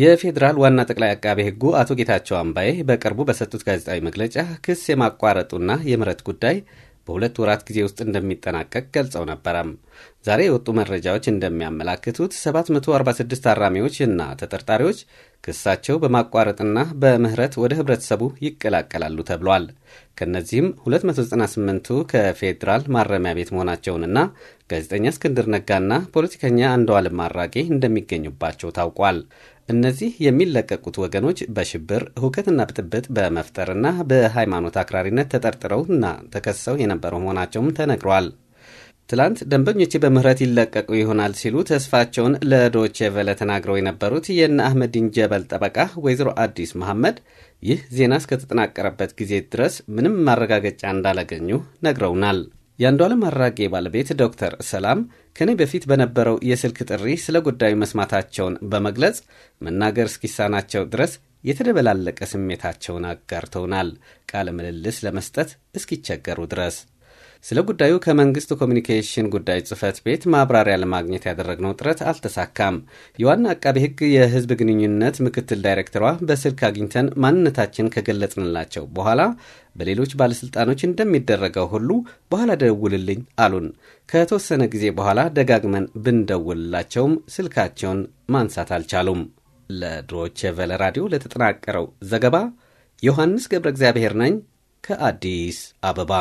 የፌዴራል ዋና ጠቅላይ አቃቤ ሕጉ አቶ ጌታቸው አምባዬ በቅርቡ በሰጡት ጋዜጣዊ መግለጫ ክስ የማቋረጡና የምረት ጉዳይ በሁለት ወራት ጊዜ ውስጥ እንደሚጠናቀቅ ገልጸው ነበረም። ዛሬ የወጡ መረጃዎች እንደሚያመላክቱት 746 ታራሚዎች እና ተጠርጣሪዎች ክሳቸው በማቋረጥና በምህረት ወደ ህብረተሰቡ ይቀላቀላሉ ተብሏል። ከእነዚህም 298ቱ ከፌዴራል ማረሚያ ቤት መሆናቸውንና ጋዜጠኛ እስክንድር ነጋና ፖለቲከኛ አንዱዓለም አራጌ እንደሚገኙባቸው ታውቋል። እነዚህ የሚለቀቁት ወገኖች በሽብር ሁከትና ብጥብጥ በመፍጠርና በሃይማኖት አክራሪነት ተጠርጥረውና ተከሰው የነበረው መሆናቸውም ተነግሯል። ትላንት ደንበኞቼ በምህረት ይለቀቁ ይሆናል ሲሉ ተስፋቸውን ለዶቼ ቨለ ተናግረው የነበሩት የነ አህመዲን ጀበል ጠበቃ ወይዘሮ አዲስ መሐመድ ይህ ዜና እስከተጠናቀረበት ጊዜ ድረስ ምንም ማረጋገጫ እንዳላገኙ ነግረውናል። የአንዷለም አራጌ ባለቤት ዶክተር ሰላም ከኔ በፊት በነበረው የስልክ ጥሪ ስለ ጉዳዩ መስማታቸውን በመግለጽ መናገር እስኪሳናቸው ድረስ የተደበላለቀ ስሜታቸውን አጋርተውናል፣ ቃለ ምልልስ ለመስጠት እስኪቸገሩ ድረስ ስለ ጉዳዩ ከመንግስት ኮሚኒኬሽን ጉዳይ ጽህፈት ቤት ማብራሪያ ለማግኘት ያደረግነው ጥረት አልተሳካም። የዋና አቃቤ ሕግ የህዝብ ግንኙነት ምክትል ዳይሬክተሯ በስልክ አግኝተን ማንነታችን ከገለጽንላቸው በኋላ በሌሎች ባለሥልጣኖች እንደሚደረገው ሁሉ በኋላ ደውልልኝ አሉን። ከተወሰነ ጊዜ በኋላ ደጋግመን ብንደውልላቸውም ስልካቸውን ማንሳት አልቻሉም። ለዶይቼ ቨለ ራዲዮ ለተጠናቀረው ዘገባ ዮሐንስ ገብረ እግዚአብሔር ነኝ ከአዲስ አበባ